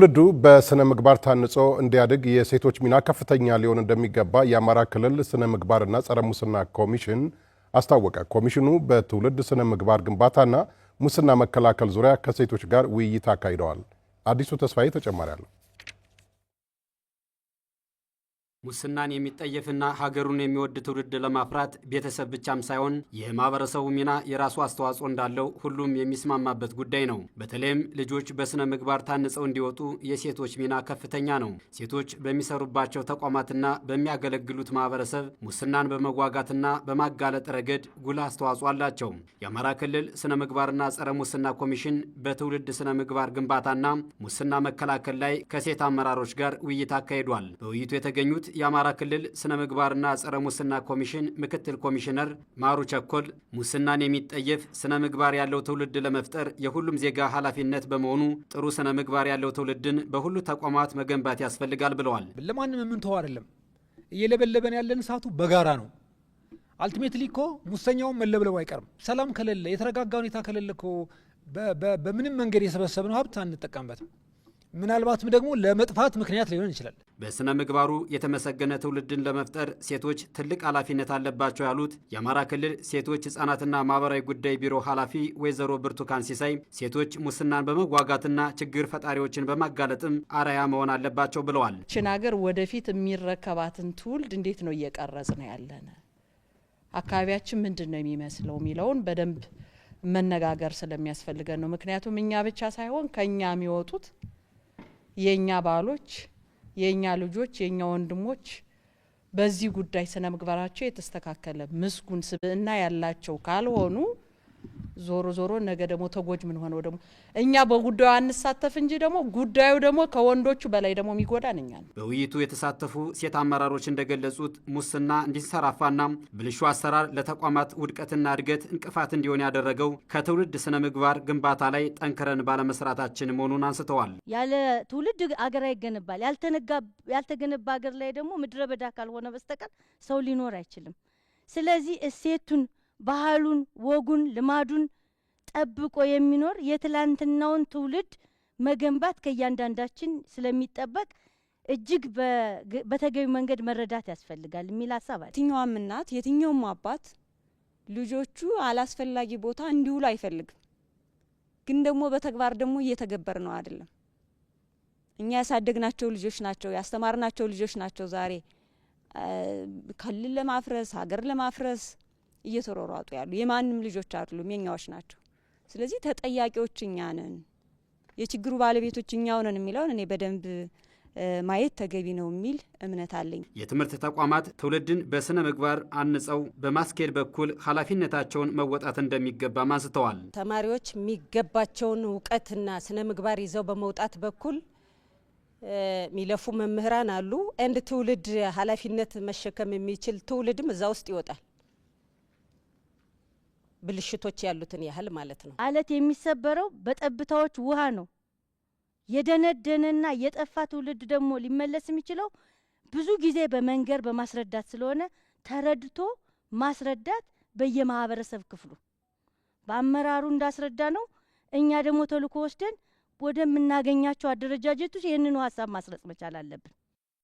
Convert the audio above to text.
ትውልዱ በስነ ምግባር ታንጾ እንዲያድግ የሴቶች ሚና ከፍተኛ ሊሆን እንደሚገባ የአማራ ክልል ስነ ምግባርና ጸረ ሙስና ኮሚሽን አስታወቀ። ኮሚሽኑ በትውልድ ስነ ምግባር ግንባታና ሙስና መከላከል ዙሪያ ከሴቶች ጋር ውይይት አካሂደዋል። አዲሱ ተስፋዬ ተጨማሪ አለው። ሙስናን የሚጠየፍና ሀገሩን የሚወድ ትውልድ ለማፍራት ቤተሰብ ብቻም ሳይሆን የማህበረሰቡ ሚና የራሱ አስተዋጽኦ እንዳለው ሁሉም የሚስማማበት ጉዳይ ነው። በተለይም ልጆች በስነ ምግባር ታንጸው እንዲወጡ የሴቶች ሚና ከፍተኛ ነው። ሴቶች በሚሰሩባቸው ተቋማትና በሚያገለግሉት ማህበረሰብ ሙስናን በመዋጋትና በማጋለጥ ረገድ ጉልህ አስተዋጽኦ አላቸው። የአማራ ክልል ስነ ምግባርና ጸረ ሙስና ኮሚሽን በትውልድ ስነ ምግባር ግንባታና ሙስና መከላከል ላይ ከሴት አመራሮች ጋር ውይይት አካሂዷል። በውይይቱ የተገኙት የአማራ ክልል ስነ ምግባርና ጸረ ሙስና ኮሚሽን ምክትል ኮሚሽነር ማሩ ቸኮል ሙስናን የሚጠየፍ ስነ ምግባር ያለው ትውልድ ለመፍጠር የሁሉም ዜጋ ኃላፊነት በመሆኑ ጥሩ ስነ ምግባር ያለው ትውልድን በሁሉ ተቋማት መገንባት ያስፈልጋል ብለዋል። ለማንም የምንተው አይደለም። እየለበለበን ያለን እሳቱ በጋራ ነው። አልቲሜትሊ እኮ ሙሰኛውን መለብለቡ አይቀርም። ሰላም ከሌለ፣ የተረጋጋ ሁኔታ ከሌለ እኮ በምንም መንገድ የሰበሰብነው ሀብት አንጠቀምበትም። ምናልባትም ደግሞ ለመጥፋት ምክንያት ሊሆን ይችላል። በስነ ምግባሩ የተመሰገነ ትውልድን ለመፍጠር ሴቶች ትልቅ ኃላፊነት አለባቸው ያሉት የአማራ ክልል ሴቶች ህጻናትና ማህበራዊ ጉዳይ ቢሮ ኃላፊ ወይዘሮ ብርቱካን ሲሳይ ሴቶች ሙስናን በመዋጋትና ችግር ፈጣሪዎችን በማጋለጥም አርአያ መሆን አለባቸው ብለዋል። ችን ሀገር ወደፊት የሚረከባትን ትውልድ እንዴት ነው እየቀረጽ ነው ያለን? አካባቢያችን ምንድን ነው የሚመስለው የሚለውን በደንብ መነጋገር ስለሚያስፈልገን ነው። ምክንያቱም እኛ ብቻ ሳይሆን ከኛ የሚወጡት የእኛ ባሎች፣ የእኛ ልጆች፣ የእኛ ወንድሞች በዚህ ጉዳይ ስነ ምግባራቸው የተስተካከለ ምስጉን ስብዕና ያላቸው ካልሆኑ ዞሮ ዞሮ ነገ ደግሞ ተጎጅ ምን ሆነው ደግሞ እኛ በጉዳዩ አንሳተፍ እንጂ ደግሞ ጉዳዩ ደግሞ ከወንዶቹ በላይ ደግሞ የሚጎዳን እኛ ነው። በውይይቱ የተሳተፉ ሴት አመራሮች እንደገለጹት ሙስና እንዲንሰራፋና ብልሹ አሰራር ለተቋማት ውድቀትና እድገት እንቅፋት እንዲሆን ያደረገው ከትውልድ ስነ ምግባር ግንባታ ላይ ጠንክረን ባለመስራታችን መሆኑን አንስተዋል። ያለ ትውልድ አገር አይገነባል ያልተገነባ አገር ላይ ደግሞ ምድረ በዳ ካልሆነ በስተቀር ሰው ሊኖር አይችልም። ስለዚህ እሴቱን ባህሉን፣ ወጉን፣ ልማዱን ጠብቆ የሚኖር የትላንትናውን ትውልድ መገንባት ከእያንዳንዳችን ስለሚጠበቅ እጅግ በተገቢ መንገድ መረዳት ያስፈልጋል የሚል ሀሳብ አለ። የትኛውም እናት የትኛውም አባት ልጆቹ አላስፈላጊ ቦታ እንዲውሉ አይፈልግም። ግን ደግሞ በተግባር ደግሞ እየተገበር ነው አይደለም። እኛ ያሳደግናቸው ልጆች ናቸው፣ ያስተማርናቸው ልጆች ናቸው ዛሬ ክልል ለማፍረስ ሀገር ለማፍረስ እየተሯሯጡ ያሉ የማንም ልጆች አይደሉም፣ የኛዎች ናቸው። ስለዚህ ተጠያቂዎች እኛ ነን፣ የችግሩ ባለቤቶች እኛው ነን የሚለውን እኔ በደንብ ማየት ተገቢ ነው የሚል እምነት አለኝ። የትምህርት ተቋማት ትውልድን በስነ ምግባር አንጸው በማስኬድ በኩል ኃላፊነታቸውን መወጣት እንደሚገባ አንስተዋል። ተማሪዎች የሚገባቸውን እውቀትና ስነ ምግባር ይዘው በመውጣት በኩል የሚለፉ መምህራን አሉ። እንድ ትውልድ ኃላፊነት መሸከም የሚችል ትውልድም እዛ ውስጥ ይወጣል። ብልሽቶች ያሉትን ያህል ማለት ነው። አለት የሚሰበረው በጠብታዎች ውሃ ነው። የደነደነና የጠፋ ትውልድ ደግሞ ሊመለስ የሚችለው ብዙ ጊዜ በመንገር በማስረዳት ስለሆነ ተረድቶ ማስረዳት በየማህበረሰብ ክፍሉ በአመራሩ እንዳስረዳ ነው። እኛ ደግሞ ተልእኮ ወስደን ወደምናገኛቸው አደረጃጀቶች ይህንኑ ሀሳብ ማስረጽ መቻል አለብን።